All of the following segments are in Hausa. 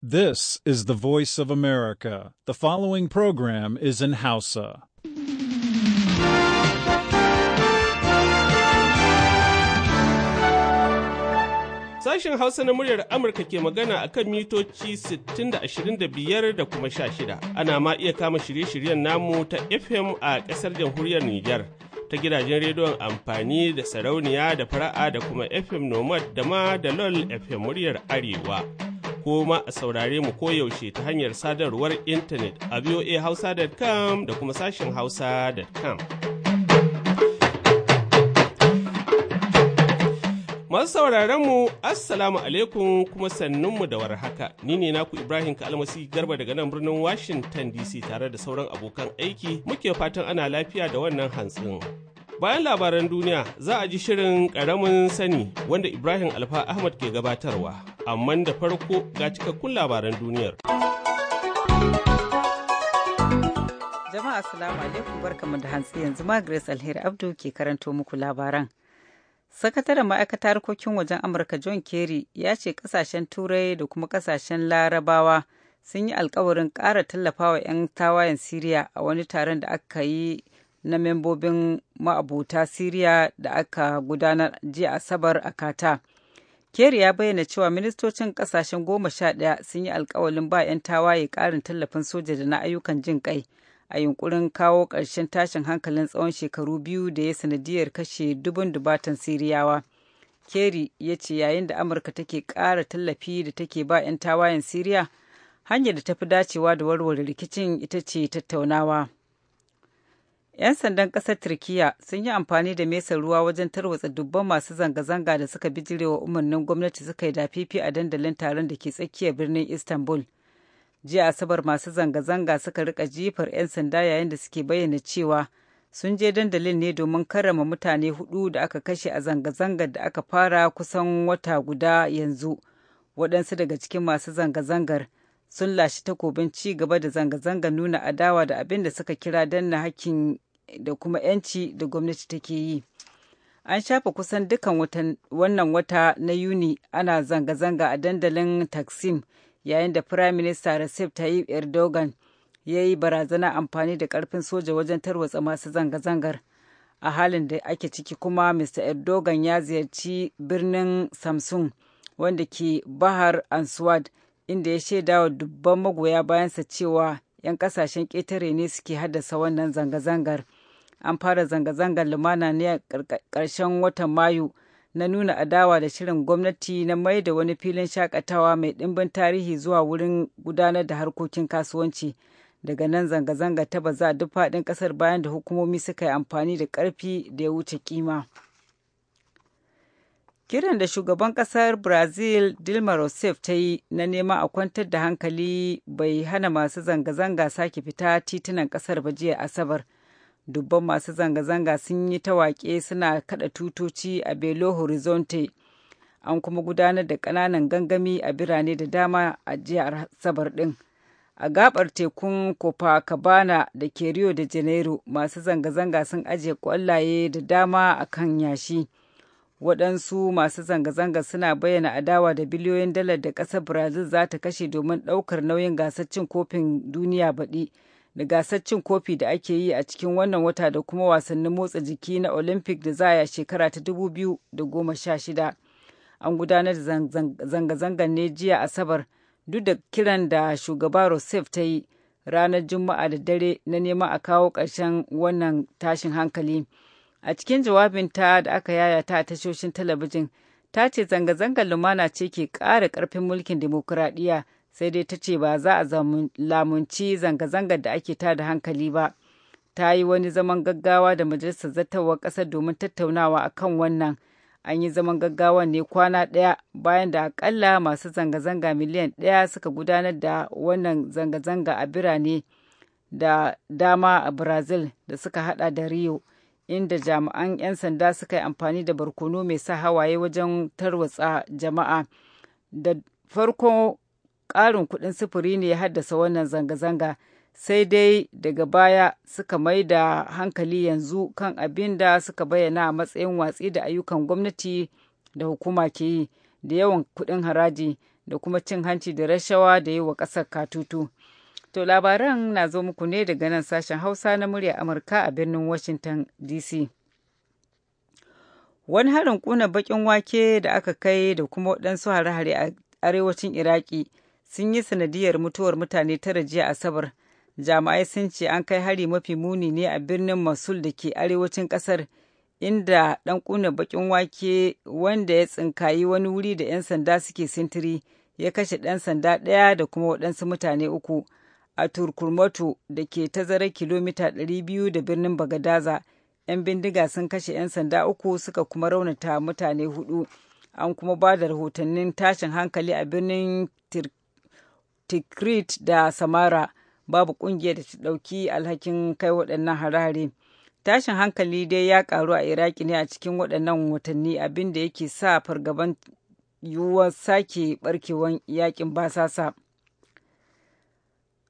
This is the voice of America. The following program is in Hausa. Sashen Hausa na muryar Amurka ke magana a kan mitoci 60-25 da kuma 16. Ana ma iya kama shirye-shiryen namu ta FM a ƙasar jamhuriyar Nijar. ta gidajen rediyon amfani da sarauniya da fara'a da kuma fm nomad da ma da lol fm muryar arewa Koma a saurare mu koyaushe ta hanyar sadarwar intanet a voahausa.com da kuma sashen hausa.com. Masu sauraron mu Assalamu alaikum kuma sannunmu da warhaka. Ni ne naku Ibrahim Kalmasi Garba daga nan birnin Washington DC tare da sauran abokan aiki muke fatan ana lafiya da wannan hantsin. Bayan labaran duniya za a ji shirin ƙaramin sani wanda Ibrahim Alfa Ahmad ke gabatarwa, amma da farko ga cikakkun labaran duniyar. Jama'a Assalamu alaikum barkamu da hantsi yanzu ma Grace Alheri Abdu ke karanto muku labaran. Sakataren ma'aikatar harkokin wajen Amurka John Kerry ya ce kasashen Turai da kuma kasashen Larabawa sun yi alkawarin ƙara tallafawa 'yan tawayen Siriya a wani taron da aka yi na membobin ma'abuta Siriya da aka gudanar jiya Asabar a Kata. keri ya bayyana cewa ministocin kasashen goma sha ɗaya sun yi alkawalin ba 'yan tawaye karin tallafin soja da na ayyukan jin kai a yunkurin kawo ƙarshen tashin hankalin tsawon shekaru biyu da ya sanadiyar kashe dubun dubatan Siriyawa. keri ya ce yayin da Amurka take ƙara tallafi da take ba 'yan tawayen Siriya, hanyar da ta fi dacewa da warware rikicin ita ce tattaunawa. 'Yan sandan ƙasar turkiya sun yi amfani da mesa ruwa wajen tarwatsa dubban masu zanga-zanga da suka bijirewa umarnin gwamnati suka yi dafifi a dandalin taron da ke tsakiyar birnin Istanbul. Jiya Asabar masu zanga-zanga suka rika jifar 'yan sanda yayin da suke bayyana cewa sun je dandalin ne domin karrama mutane hudu da aka kashe a zanga-zangar da aka fara kusan wata guda yanzu. Waɗansu daga cikin masu zanga-zangar sun lashe takobin ci gaba da zanga-zangar nuna adawa da abin da suka kira danna hakkin da kuma 'yanci da gwamnati take yi. An shafa kusan dukan wannan wata na Yuni ana zanga-zanga a dandalin Taksim yayin da Firayim Minista Recep Tayyip Erdogan ya yi barazana amfani da ƙarfin soja wajen tarwatsa masu zanga-zangar. A halin da ake ciki kuma Mr. Erdogan ya ziyarci birnin Samsung wanda ke Bahar Answad inda ya shaida wa dubban magoya bayansa cewa 'yan kasashen ƙetare ne suke haddasa wannan zanga-zangar. an fara zanga-zangar lumana ne a ƙarshen watan mayu na nuna adawa da shirin gwamnati na mai da wani filin shakatawa mai ɗimbin tarihi zuwa wurin gudanar da harkokin kasuwanci daga nan zanga-zanga ta baza duk faɗin ƙasar bayan da hukumomi suka yi amfani da ƙarfi da ya wuce kima kiran da shugaban ƙasar brazil dilma rousseff ta yi na nema a kwantar da hankali bai hana masu zanga-zanga sake fita titunan ƙasar ba jiya asabar. dubban masu zanga-zanga sun yi tawaƙe suna kada tutoci a belo horizonte an kuma gudanar da ƙananan gangami a birane da dama a jihar sabar ɗin a gabar tekun copacabana da ke rio de janeiro masu zanga-zanga sun ajiye ƙwallaye da dama a kan yashi waɗansu masu zanga-zanga suna bayyana adawa da biliyoyin dalar da ƙasar brazil za ta kashe domin ɗaukar nauyin gasar cin kofin duniya baɗi da gasar cin kofi da ake yi a cikin wannan wata da kuma wasannin motsa jiki na olympic da zaya shekara ta 2016 an gudanar da zanga-zangar ne jiya asabar duk da kiran da shugaba rosef ta yi ranar juma'a da dare na neman a kawo ƙarshen wannan tashin hankali a cikin jawabinta da aka yayata a tashoshin talabijin ta ce zanga-zangar lumana ce ke ƙara ƙarfin mulkin dimokuraɗiyya sai dai ta ce ba za a lamunci zanga-zangar da ake ta da hankali ba ta yi wani zaman gaggawa da majalisar zattawar ƙasar domin tattaunawa a kan wannan an yi zaman gaggawa ne kwana ɗaya bayan da akalla masu zanga-zanga miliyan ɗaya suka gudanar da wannan zanga-zanga a birane da dama a brazil da suka hada da rio inda jami'an 'yan sanda suka yi amfani da barkono mai sa hawaye wajen tarwatsa jama'a da farko ƙarin kuɗin sufuri ne ya haddasa wannan zanga-zanga sai dai daga baya suka mai da hankali yanzu kan abin da suka bayyana a matsayin watsi da ayyukan gwamnati da hukuma ke yi da yawan kuɗin haraji da kuma cin hanci da rashawa da yi wa ƙasar katutu. To labaran na zo muku ne daga nan sashen Hausa na murya Amurka a birnin Washington DC. Wani harin kuna bakin wake da aka kai da kuma waɗansu hare-hare a arewacin Iraki sun yi sanadiyar mutuwar mutane tara jiya asabar jami'ai sun ce an kai hari mafi muni ne a birnin masul da ke arewacin kasar inda ɗan kuna bakin wake wanda ya tsinkayi wani wuri da 'yan sanda suke sintiri ya kashe ɗan sanda ɗaya da kuma waɗansu mutane uku a turkurmato da ke tazarar kilomita 200 da birnin bagadaza 'yan bindiga sun kashe 'yan sanda uku suka kuma raunata mutane hudu an kuma ba da rahotannin tashin hankali a birnin tikrit da samara babu kungiyar da ta ɗauki alhakin kai waɗannan harare tashin hankali dai ya ƙaru a iraki ne a cikin waɗannan watanni abin da yake sa fargaban yiwuwar sake barkewan yakin basasa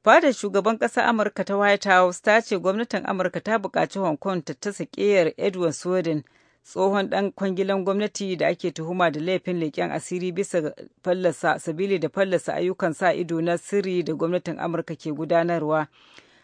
fadar shugaban ƙasa amurka ta white house ta ce gwamnatin amurka ta buƙaci hong kong ta ta edward sweden tsohon ɗan kwangilan gwamnati da ake tuhuma da laifin leƙen asiri bisa fallasa sabili da fallasa ayyukan sa ido na sirri da gwamnatin amurka ke gudanarwa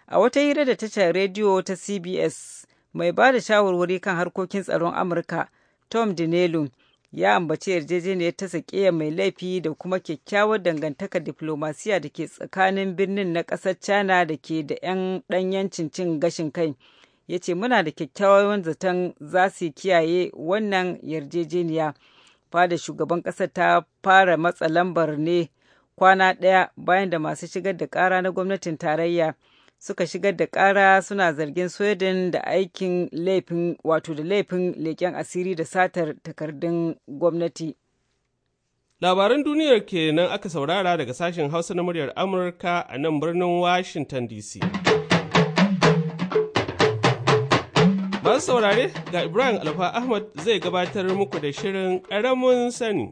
a wata hira da tashar rediyo ta cbs mai ba da shawarwari kan harkokin tsaron amurka tom dinelu ya ambaci yarjejeniyar ta sakiya mai laifi da kuma kyakkyawar dangantaka diplomasiya da ke tsakanin birnin na ƙasar china da ke da 'yan ɗanyen cin gashin kai ya ce muna da kyakkyawan zaton za su kiyaye wannan yarjejeniya fada shugaban ƙasar ta fara matsa lambar ne kwana ɗaya bayan da masu shigar da ƙara na gwamnatin tarayya suka shigar da ƙara suna zargin sweden da aikin laifin wato da laifin leƙen asiri da satar takardun gwamnati labaran duniyar kenan aka saurara daga sashen hausa na muryar amurka a nan birnin washington dc Masu saurare ga Ibrahim Alfa Ahmad zai gabatar muku da shirin ƙaramin sani.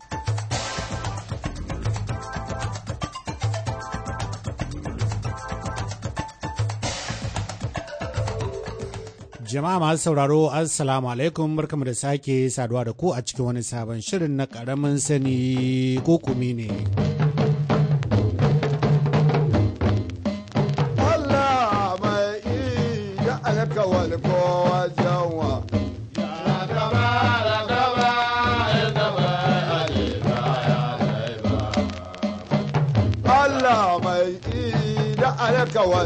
Jama'a masu sauraro Assalamu alaikum barkamu da sake saduwa da ku a cikin wani sabon shirin na ƙaramin sani ko kumi ne. kowa.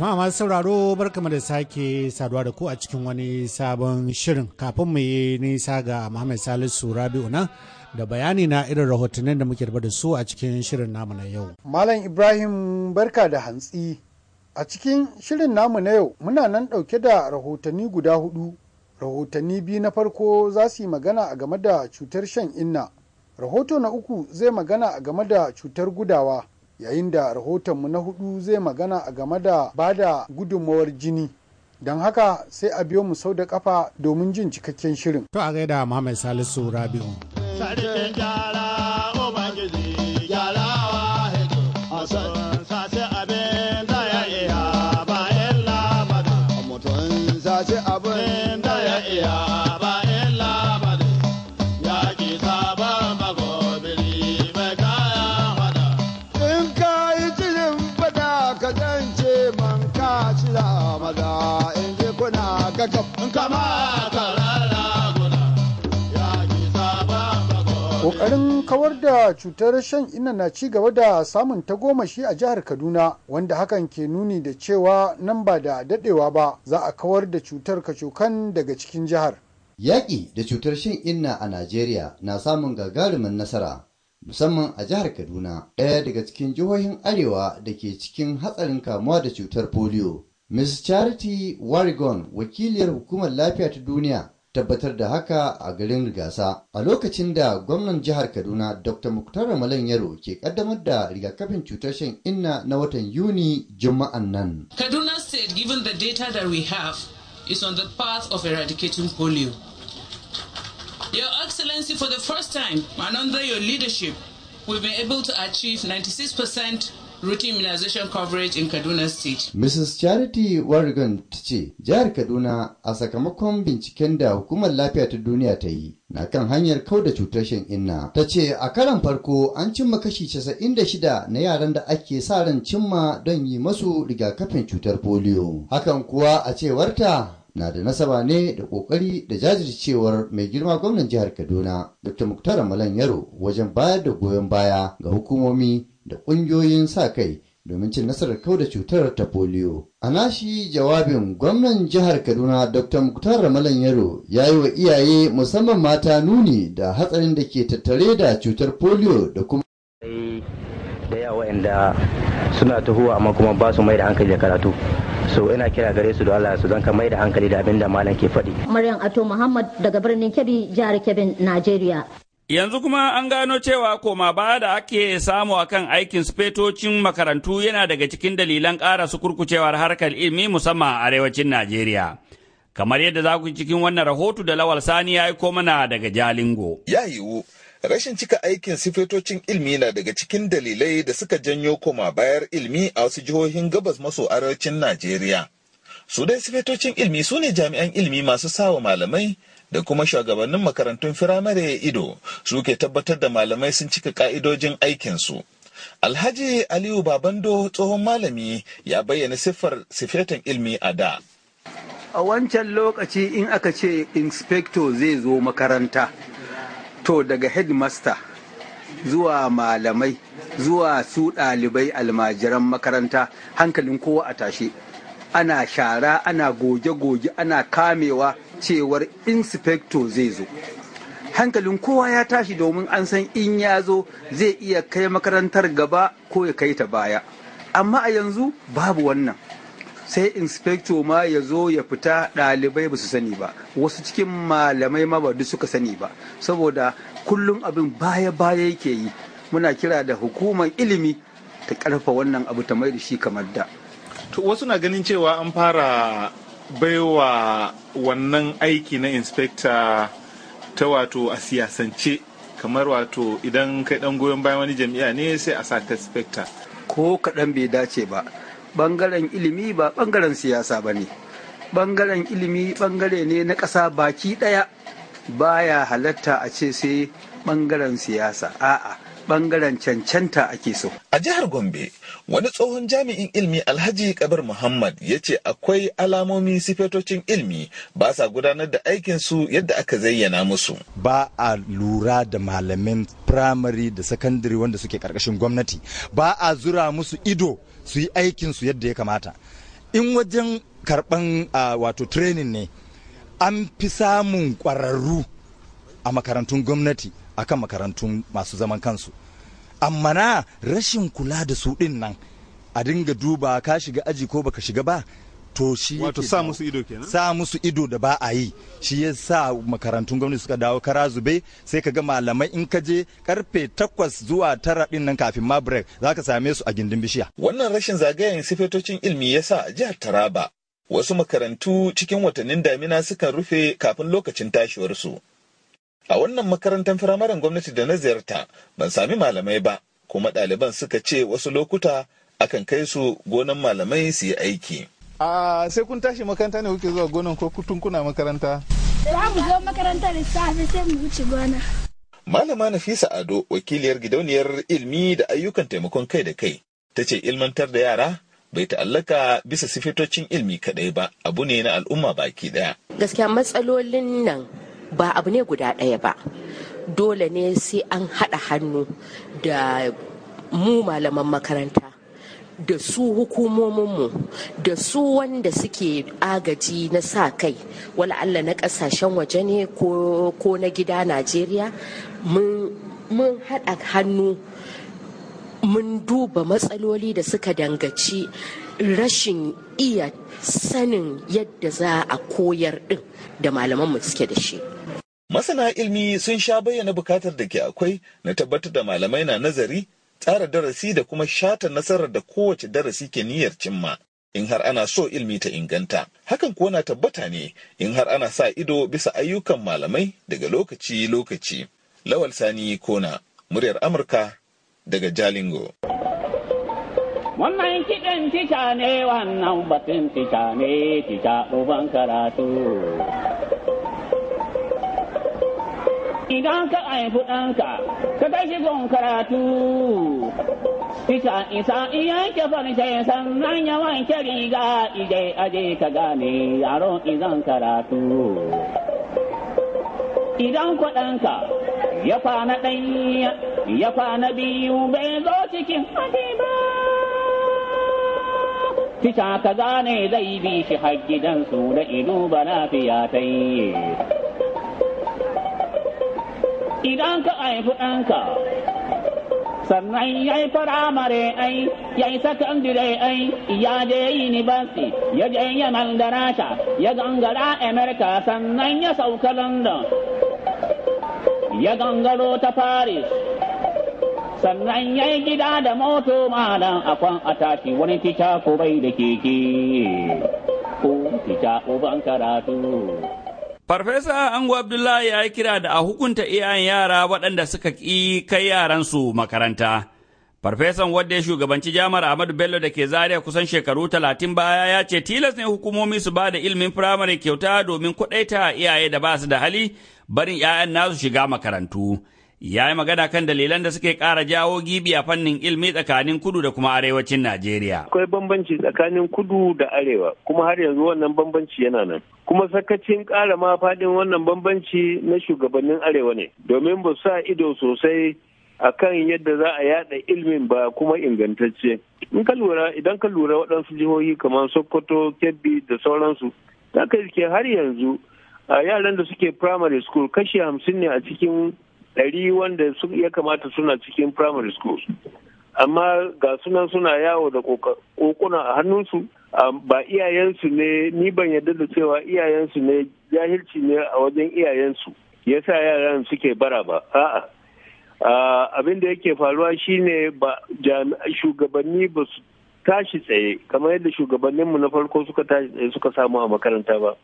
Jama'a masu sauraro barkamu da sake saduwa da ku a cikin wani sabon shirin kafin mu yi nisa ga Muhammad Salisu Rabi'u nan da bayani na irin rahotannin da muke da su a cikin shirin namu na yau. Malam Ibrahim barka da hantsi. A cikin shirin namu na yau muna nan ɗauke da rahotanni guda hudu. Rahotanni biyu na farko za su yi magana a game da cutar shan inna. Rahoto na uku zai magana a game da cutar gudawa. yayin da rahotonmu na hudu zai magana a game da ba da gudunmawar jini don haka sai a biyo mu sau da kafa domin jin cikakken shirin to a gaida muhammad salisu rabi'u da cutar shan ina na ci gaba da samun tagomashi a jihar Kaduna wanda hakan ke nuni da cewa nan ba da dadewa ba za a kawar da cutar kacokan daga cikin jihar. Yaƙi da cutar shan ina a Najeriya na samun gagarumin nasara musamman a jihar Kaduna ɗaya daga cikin jihohin Arewa da ke cikin hatsarin kamuwa da cutar polio. Ms. Charity Warigon wakiliyar hukumar lafiya ta duniya tabbatar da haka a garin rigasa a lokacin da gwamnan jihar kaduna dr muktar malam yaro ke kaddamar da rigakafin cutar shan inna na watan yuni juma'an nan kaduna state given the data that we have is on the path of eradicating polio your excellency for the first time and under your leadership we've been able to achieve 96 percent routine immunization coverage in Kaduna State. Mrs. Charity Warrigan ta ce, Jihar Kaduna a sakamakon binciken da hukumar lafiya ta duniya ta yi na kan hanyar kau da cutar shan inna. Ta ce a karan farko an cimma kashi casa'in da shida na yaran da ake sa ran cimma don yi masu rigakafin cutar polio. Hakan kuwa a cewarta na da nasaba ne da kokari da jajircewar mai girma gwamnan jihar kaduna dr muktar malan yaro wajen bayar da goyon baya ga hukumomi da ƙungiyoyin sa-kai domin cin nasarar kau da cutar ta polio. A nashi jawabin gwamnan jihar Kaduna Dr. Muktar Ramalan Yaro ya yi wa iyaye musamman mata nuni da hatsarin da ke tattare da cutar polio da kuma da yawa waɗanda suna tahowa amma kuma ba su mai da hankali da karatu so ina kira gare su da Allah su zanka mai da hankali da abin da malam ke faɗi. Maryam Ato Muhammad daga birnin Kebbi jihar Kebbi Najeriya. Yanzu kuma an gano cewa koma baya da ake samu a kan aikin sufetocin makarantu yana daga cikin dalilan ƙara su kurkucewar harkar ilimi musamman a arewacin Najeriya. Kamar yadda za ku cikin wannan rahoto da Lawal Sani ya yi mana daga Jalingo. Ya yiwu, rashin cika aikin sifetocin ilmi na daga cikin dalilai da suka janyo koma bayar ilmi a wasu jihohin gabas maso arewacin Najeriya. Su dai sifetocin ilmi su ne jami'an ilmi masu sawa malamai da kuma shugabannin makarantun firamare ido suke tabbatar da malamai sun cika ka'idojin aikinsu. Alhaji Aliyu Babando tsohon malami ya bayyana siffar sifetan ilmi a da. A wancan lokaci in aka ce inspector zai zo makaranta, to daga headmaster zuwa malamai zuwa su ɗalibai almajiran makaranta hankalin kowa a tashe. Ana shara, ana goge-goge, ana kamewa, cewar inspector zai zo hankalin kowa ya tashi domin an san in ya zo zai iya kai makarantar gaba ko ya kai ta baya amma a yanzu babu wannan sai inspector ma ya zo ya fita ɗalibai ba su sani ba wasu cikin malamai ma ba duk suka sani ba saboda kullum abin baya-baya yake yi muna kira da hukumar ilimi ta ƙarfa wannan abu ta mai da shi kamar da to wasu na ganin cewa an fara baiwa wannan aiki na inspector ta wato a siyasance kamar wato idan kai dan goyon bayan wani jami'a ne sai a sa ta inspector ko kaɗan bai dace ba bangaren ilimi ba bangaren siyasa ba ne bangaren ilimi bangare ne na ƙasa baki ɗaya baya halatta a ce sai bangaren siyasa a'a bangaren cancanta ake so. A jihar Gombe, wani tsohon jami'in ilmi Alhaji Kabir Muhammad ya ce akwai alamomi sifetocin ilmi ba sa gudanar da aikinsu yadda aka zayyana musu. Ba a lura da malamin firamare da sakandare wanda suke karkashin gwamnati, ba a zura musu ido su yi aikinsu yadda ya kamata. In wajen karɓan wato training ne, an fi samun ƙwararru a makarantun gwamnati akan makarantun masu zaman kansu amma na rashin kula da su din nan a dinga duba ka shiga aji ko baka shiga ba to shi wato sa musu ido kenan sa musu ido da ba a yi shi ya sa makarantun gwamnati suka dawo kara zube sai ka ga malamai in ka je karfe takwas zuwa tara din nan kafin ma break zaka same su a gindin bishiya wannan rashin zagayen sifetocin ilmi yasa jihar Taraba wasu makarantu cikin watannin damina suka rufe kafin lokacin su. A wannan makarantar firamaren gwamnati da na ziyarta ban sami malamai ba, kuma ɗaliban suka ce wasu lokuta akan kai su gonan malamai su yi aiki. A sai kun tashi makaranta ne kuke zuwa gonan ko kutun kuna makaranta? Za mu zo makaranta da sai mu wuce gona. Malama Nafisa Ado wakiliyar gidauniyar ilmi da ayyukan taimakon kai da kai ta ce ilmantar da yara bai ta'allaka bisa sifitocin ilmi kadai ba abu ne na al'umma baki ɗaya. Gaskiya matsalolin nan ba abu ne guda ɗaya ba dole ne sai an haɗa hannu da mu malaman makaranta da su hukumominmu da su wanda suke agaji na sa kai wala Allah na ƙasashen waje ne ko na gida najeriya mun haɗa hannu mun duba matsaloli da suka dangaci rashin iya sanin yadda za a koyar ɗin da malamanmu suke da shi Masana ilmi sun sha bayyana bukatar da ke akwai na tabbatar da malamai na nazari, tsara darasi da kuma shata nasarar da kowace darasi ke niyyar cimma. In har ana so ilmi ta inganta, hakan kuwa na tabbata ne in har ana sa ido bisa ayyukan malamai daga lokaci-lokaci. Lawal Sani Kona, muryar Amurka daga Jalingo. Wannan kiɗan tica ne wannan batun tica ne tica ɗuban karatu. Idan ka haifi ɗanka, ka kai shi gun karatu. Isa isa iya ke farce sannan ya wanke riga ije aje ka gane yaro idan karatu. Idan kuɗanka ya kwana ɗaya, ya kwana biyu bai zo cikin haɗi ba. Tisha ka gane zai bi shi har gidansu da ido ba lafiya ta yi. idan ka haifi ɗanka sannan ya yi firamare ai ya yi sakandire ai ya je university ya je yaman da rasha ya gangara Amerika sannan ya sauka london ya gangaro ta paris sannan ya yi gida da moto malam a tashi wani tica ko bai da keke ko tica uban karatu Farfesa Ango Abdullahi ya yi kira da a hukunta iyayen yara waɗanda suka ƙi kai yaransu makaranta. Farfesan wadda ya shugabanci jami'ar Ahmadu Bello da ke zariya kusan shekaru talatin baya ya ce tilas ne hukumomi su ba da ilimin firamare kyauta domin kuɗaita iyaye da ba su da hali barin 'ya'yan nasu shiga makarantu. Ya yi magana kan dalilan da suke ƙara jawo gibi a fannin ilimi tsakanin kudu da kuma arewacin Najeriya. Akwai bambanci tsakanin kudu da arewa kuma har yanzu wannan bambanci yana nan. kuma sakacin ƙara ma faɗin wannan bambanci na shugabannin arewa ne domin ba sa ido sosai a kan yadda za a yada ilmin ba kuma ingantacce in ka lura idan ka lura waɗansu jihohi kamar sokoto kebbi da sauransu za ka ke har yanzu a yaran da suke primary school kashi hamsin ne a cikin ɗari wanda ya kamata suna cikin primary school amma ga sunan suna yawo da kokuna a hannunsu ba iyayensu ne ni ban yarda da cewa iyayensu ne jahilci ne a wajen iyayensu ya sa yaran suke bara ba a'a abin da yake faruwa shine ba shugabanni ba su tashi tsaye kamar yadda shugabanninmu na farko suka tashi tsaye suka samu a makaranta ba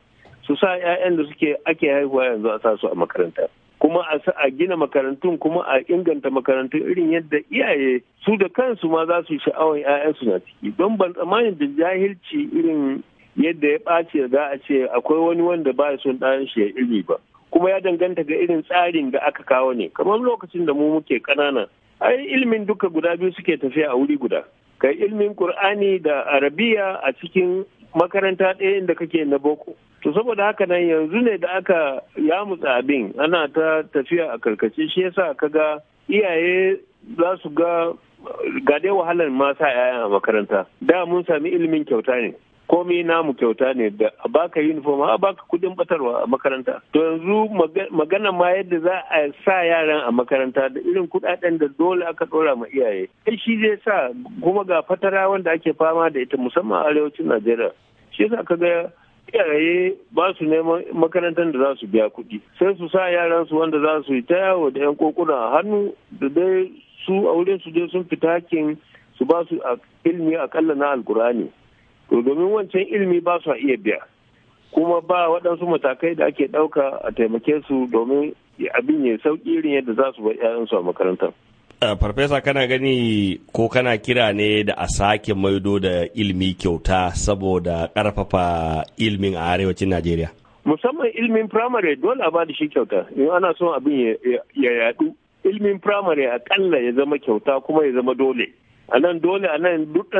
su sa 'ya'yan da suke ake haihuwa yanzu a sa su a makaranta kuma a gina makarantun kuma a inganta makarantun irin yadda iyaye su da kansu ma za su yi sha'awar 'ya'yansu na ciki don ban tsammanin da jahilci irin yadda ya ɓace za a ce akwai wani wanda ba son ɗayan shi ya ilmi ba kuma ya danganta ga irin tsarin da aka kawo ne kamar lokacin da mu muke ƙanana ai ilimin duka guda biyu suke tafiya a wuri guda kai ilimin qur'ani da arabiya a cikin makaranta ɗaya inda kake na boko to saboda haka nan yanzu ne da aka yamutsa abin ana ta tafiya a karkace shi yasa ga iyaye za su ga ga wahalar ma sa yaya a makaranta da mun sami ilimin kyauta ne komi namu kyauta ne da a baka uniform a baka kudin batarwa a makaranta to yanzu magana ma yadda za a sa yaran a makaranta da irin kudaden da dole aka dora ma iyaye kai shi zai sa kuma ga fatara wanda ake fama da ita musamman arewacin najeriya shi yasa ga. iyaye ba su neman makarantar da za su biya kuɗi sai su sa yaran su wanda za su yi ta yawo da 'yan kokuna hannu da dai su a wurin su je sun fita kin su ba su ilimi akalla na alkurani to domin wancan ilimi ba su iya biya kuma ba waɗansu matakai da ake ɗauka a taimake su domin abin ya sauƙi irin yadda za su bar 'ya'yansu a makarantar. Eh, farfesa kana gani ko kana kira ne da a sake maido da ilmi kyauta saboda karfafa ilmin a arewacin najeriya musamman ilmin firamare dole a bada shi kyauta in ana son abin ya yadu ilmin firamare akalla ya zama kyauta kuma ya zama dole a nan dole a nan duk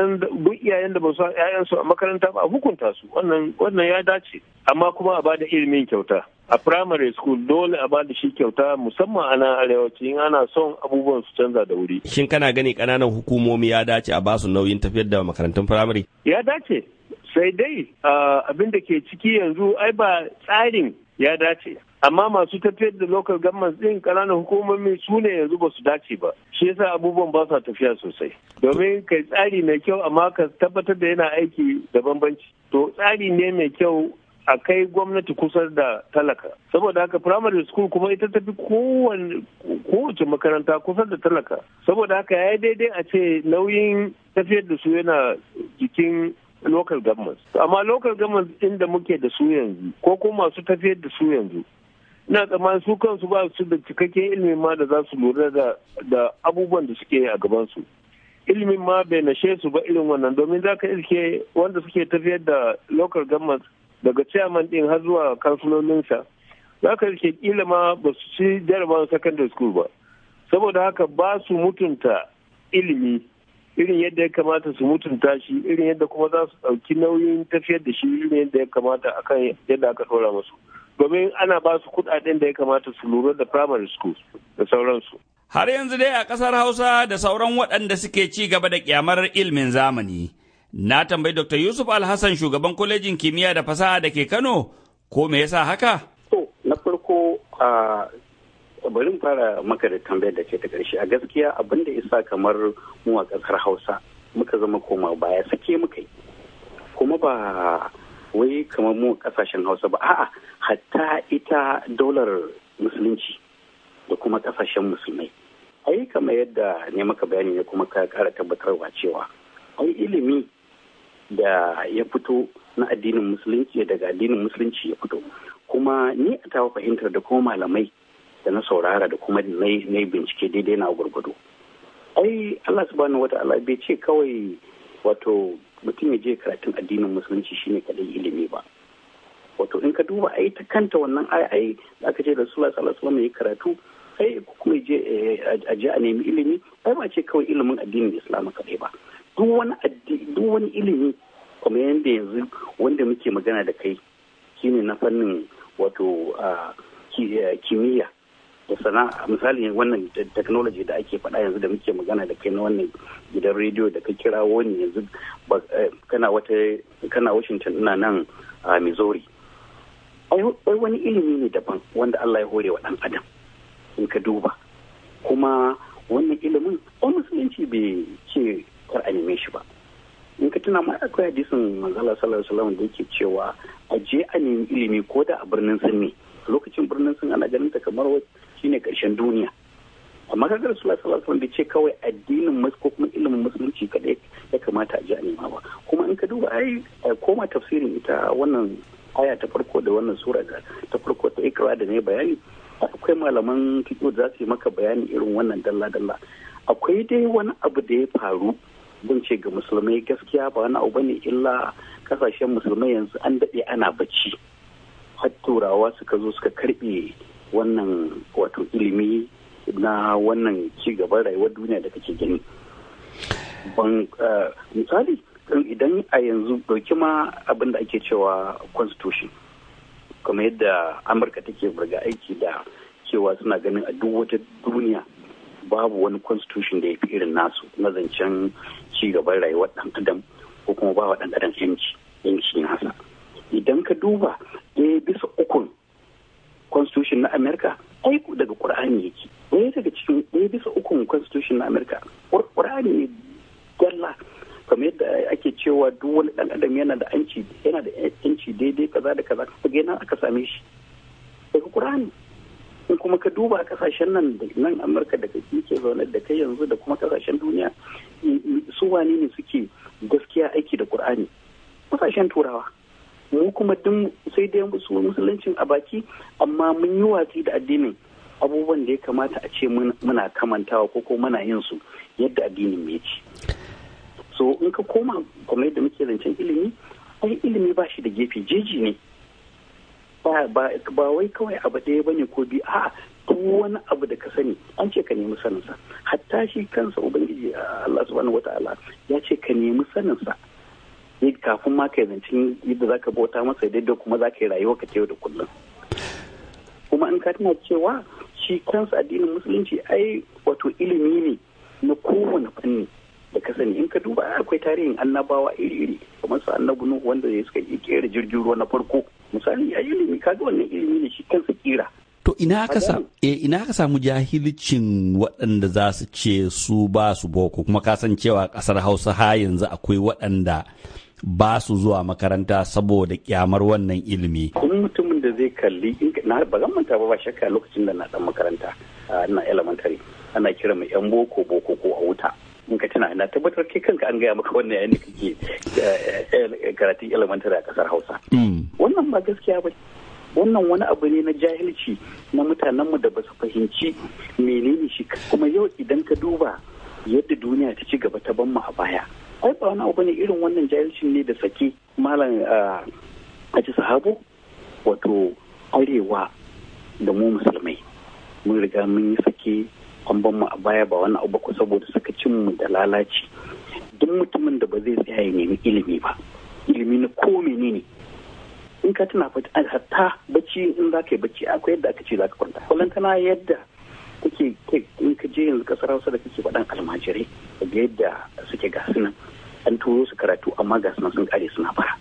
iyayen da ba su 'ya'yansu a makaranta ba a hukunta su wannan ya dace amma kuma a bada ilmin kyauta a primary school dole a ba da shi kyauta musamman a arewaci in ana son abubuwan su canza da wuri. Shin kana gani ƙananan hukumomi ya dace a basu nauyin tafiyar da makarantun primary? Ya dace, sai dai abin da ke ciki yanzu ai ba tsarin ya dace. Amma masu tafiyar da local government din ƙananan hukumomi su ne yanzu ba su dace ba. Shi yasa abubuwan ba sa tafiya sosai. Domin kai tsari mai kyau amma ka tabbatar da yana aiki da bambanci. To tsari ne mai kyau a kai gwamnati kusa da talaka saboda haka primary school kuma ita tafi kowace makaranta kusa da talaka saboda haka ya yi daidai a ce nauyin tafiyar da su yana jikin local government amma local government inda muke da su yanzu ko kuma masu tafiyar da su yanzu ina tsammanin su kansu ba su da cikakken ilimin ma da za su lura da abubuwan da suke a gabansu ilimin ma bai nashe su ba irin wannan domin za ka iske wanda suke tafiyar da local government daga chairman din har zuwa kansulolinsa za ka rike kila ma ba su ci jarabawan secondary school ba saboda haka ba su mutunta ilimi irin yadda ya kamata su mutunta shi irin yadda kuma za su ɗauki nauyin tafiyar da shi irin yadda ya kamata akan yadda aka ɗora masu domin ana ba su kuɗaɗen da ya kamata su lura da primary schools da sauransu. Har yanzu dai a ƙasar Hausa da sauran waɗanda suke ci gaba da kyamar ilimin zamani. Na tambayi Dr. Yusuf Alhassan shugaban kwalejin kimiyya da fasaha da ke Kano, ko me yasa haka? To, na farko bari fara maka da tambayar da ce ta ƙarshe a gaskiya abin da isa kamar mu a ƙasar Hausa muka zama koma baya sake muka yi. Kuma ba wai kamar mu ƙasashen Hausa ba, a'a hatta ita daular musulunci da kuma ƙasashen musulmai. ai kamar yadda ne maka bayani ne kuma ka kara tabbatarwa cewa ai ilimi da ya fito na addinin musulunci daga addinin musulunci ya fito kuma ni a tawa fahimtar da kuma malamai da na saurara da kuma na yi bincike daidai na gwargwado ai Allah subhanahu wata ala bai ce kawai wato mutum ya je karatun addinin musulunci shine kadai ilimi ba wato in ka duba ai ta kanta wannan ai da aka ce da sallallahu alaihi wasallam karatu sai kuma je eh, a je a nemi ilimi ai ba ce kawai ilimin addinin islam kadai ba duk wani duk wani ilimi kuma yadda yanzu wanda muke magana da kai shine na fannin wato kimiyya da sana'a misali wannan technology da ake faɗa yanzu da muke magana da kai na wannan gidan rediyo da ka kira wani yanzu eh, kana wata Washington ina nan a Missouri ai wani ilimi ne daban wanda Allah ya hore wa ɗan adam in ka duba kuma wannan ilimin ai musulunci bai ce kar a neme shi ba in ka tuna mai akwai hadisin manzala sallallahu alaihi da yake cewa a je a nemi ilimi ko da a birnin sun ne lokacin birnin sun ana ganin ta kamar shine karshen duniya amma kaga rasulullah sallallahu alaihi da ce kawai addinin masu ko kuma ilimin musulunci kadai ya kamata a je a nema ba kuma in ka duba ai koma tafsirin ita wannan aya ta farko da wannan sura ta farko ta ikra da ne bayani akwai malaman fiqh da za su yi maka bayani irin wannan dalla dalla akwai dai wani abu da ya faru zan ce ga musulmai gaskiya ba wani abu bane illa kasashen musulmai yanzu an daɗe ana bacci har turawa suka zo suka karɓe wannan wato ilimi na wannan ci gaban rayuwar duniya da kake gani ban eh, misali idan a yanzu ɗauki ma abin da ake cewa constitution kamar yadda amurka take burga aiki da cewa suna ganin a duk wata duniya babu wani constitution da ya fi irin nasu na zancen ci gaban rayuwar ɗan adam ko kuma ba wa ɗan adam yanci yanci nasa idan ka duba ɗaya bisa ukun constitution na america ai daga qur'ani yake ɗaya daga cikin ɗaya bisa ukun constitution na america qur'ani ne galla kamar yadda ake cewa duk wani ɗan adam yana da yanci yana da yanci daidai kaza da kaza kaga yana aka same shi daga qur'ani. in kuma ka duba kasashen nan nan amurka da kake ke zaune da kai yanzu da kuma kasashen duniya su wani ne suke gaskiya aiki da qur'ani kasashen turawa mu kuma duk sai dai su musuluncin a baki amma mun yi watsi da addinin abubuwan da ya kamata a ce muna kamantawa ko ko muna yin su yadda addinin mai ci so in ka koma kamar yadda muke zancen ilimi ai ilimi ba shi da gefe jeji ne ba wai kawai abu ɗaya bane ko bi a duk wani abu da ka sani an ce ka nemi saninsa hatta shi kansa ubangiji ah, Allah subhanahu wataala ya ce ka nemi saninsa kafin ma ka zancen yadda za ka bauta masa yadda kuma za ka yi rayuwa ka ta yau da kullum kuma in ka tana cewa shi kansa addinin musulunci ai wato ilimi ne na kowane fanni da ka sani in ka duba akwai tarihin annabawa iri-iri kamar su annabu nuhu wanda ya suka kera jirgin ruwa na farko misali a ilimi kaga wannan ilimi ne shi kansa kira to ina ka samu eh, ina ka samu jahilcin waɗanda za su ce su ba su boko kuma ka san cewa ƙasar Hausa ha yanzu akwai waɗanda ba su zuwa makaranta saboda kyamar wannan ilimi. Kun mutumin da zai kalli na ba zan manta ba ba shakka lokacin da na dan makaranta na elementary ana kira mai yan boko boko ko a wuta. in ka tana ina tabbatar ke kanka an gaya maka wannan yayin da kake eh, eh, karatun elementary a kasar hausa mm. wannan ba gaskiya ba wannan wani abu ne na jahilci na mutanenmu da basu fahimci menene shi kuma yau idan ka duba yadda duniya ta ci gaba ta ban mu a baya ai ba wani abu ne irin wannan jahilcin ne da sake malam eh, a ci sahabu wato arewa da mu musulmai mun riga mun yi sake an mu a baya ba wani abu ba saboda cin mu da lalaci duk mutumin da ba zai tsaya ya nemi ilimi ba ilimi na ko menene in ka tuna fa hatta bacci in za ka yi bacci akwai yadda aka ce za ka kwanta Kullum kana yadda kake kai in ka je yanzu kasar hausa da kake faɗan almajirai daga yadda suke gasunan, an turo su karatu amma gasunan sun kare suna bara.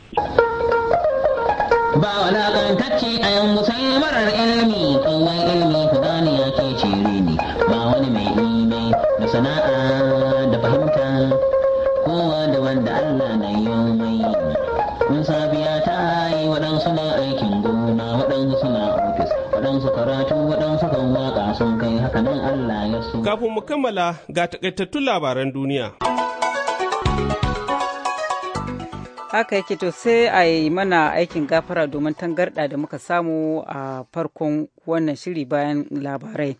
ba wala kantacce a 'yan musamman ilimi kawai ilimi ku gane ya ke ciri sana'a da fahimta kowa da wanda Allah na yi mai in safiya ta yi waɗansu na aikin gona waɗansu suna ofis waɗansu karatu waɗansu kan waka sun kai haka nan Allah ya so. Kafin mu kammala ga takaitattun labaran duniya. haka yake to sai a yi mana aikin gafara domin tangarɗa da muka samu a farkon wannan shiri bayan labarai.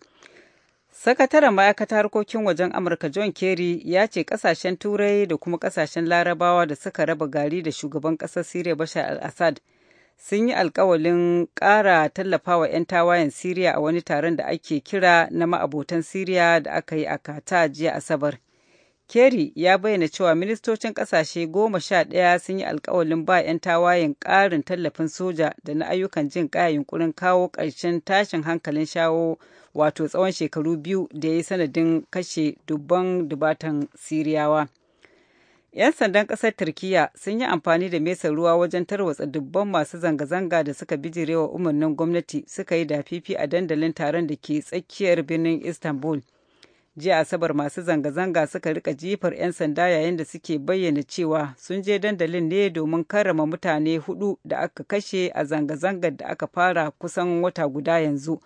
Sakataren ma'aikatar harkokin wajen Amurka John Kerry ya ce kasashen Turai da kuma kasashen Larabawa da suka raba gari da shugaban ƙasar Siriya Bashar al-Assad sun yi alkawalin ƙara tallafawa 'yan tawayen Siriya a wani taron da ake kira na ma'abotan Siriya da aka yi a Kata jiya Asabar. Kerry ya bayyana cewa ministocin ƙasashe goma sha ɗaya sun yi alkawalin ba 'yan tawayen ƙarin tallafin soja da na ayyukan jin ƙaya yunkurin kawo ƙarshen tashin hankalin shawo wato tsawon shekaru biyu da ya yi sanadin kashe dubban dubatan Siriyawa. 'Yan sandan ƙasar Turkiyya sun yi amfani da mesa ruwa wajen tarwatsa dubban masu zanga-zanga da suka bijirewa umarnin gwamnati suka yi dafifi a dandalin taron da ke tsakiyar birnin Istanbul. jiya asabar masu zanga-zanga suka rika jifar 'yan sanda yayin da suke bayyana cewa sun je dandalin ne domin karrama mutane hudu da aka kashe a zanga-zangar da aka fara kusan wata guda yanzu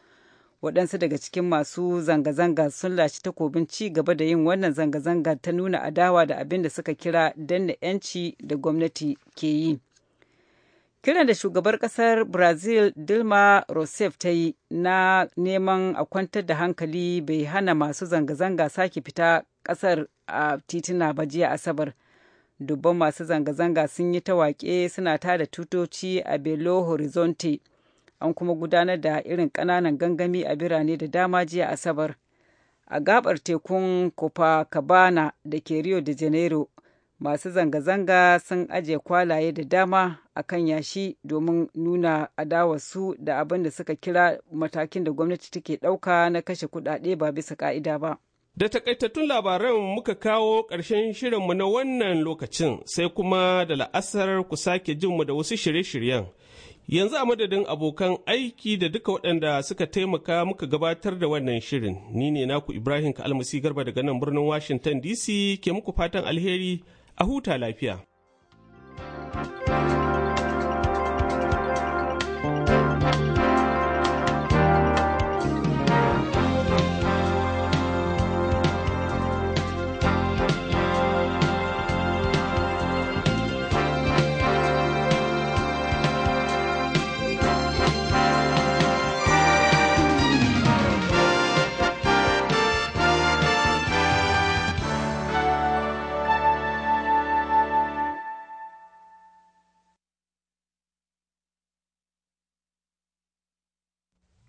waɗansu daga cikin masu zanga-zanga sun lashe takobin ci gaba da yin wannan zanga-zangar ta nuna adawa da abin da suka kira danna 'yanci da gwamnati ke yi. kiran da shugabar kasar brazil dilma rousseff ta yi na neman a kwantar da hankali bai hana masu zanga-zanga sake fita kasar a titina ba jiya asabar dubban masu zanga-zanga sun yi ta waƙe suna tada tutoci a belo horizonte an kuma gudanar da irin ƙananan gangami a birane da dama jiya asabar a gabar tekun copacabana da ke rio de janeiro masu zanga-zanga sun ajiye kwalaye da dama a kan yashi domin nuna adawarsu da abin da suka kira matakin da gwamnati take ɗauka na kashe kuɗaɗe ba bisa ƙa'ida ba. Da takaitattun labaran muka kawo ƙarshen shirinmu na wannan lokacin sai kuma da la'asar ku sake jinmu da wasu shirye-shiryen. Yanzu a madadin abokan aiki da duka waɗanda suka taimaka muka gabatar da wannan shirin, ni ne naku Ibrahim Kalmasi Garba daga nan birnin Washington DC ke muku fatan alheri. a huta lafiya.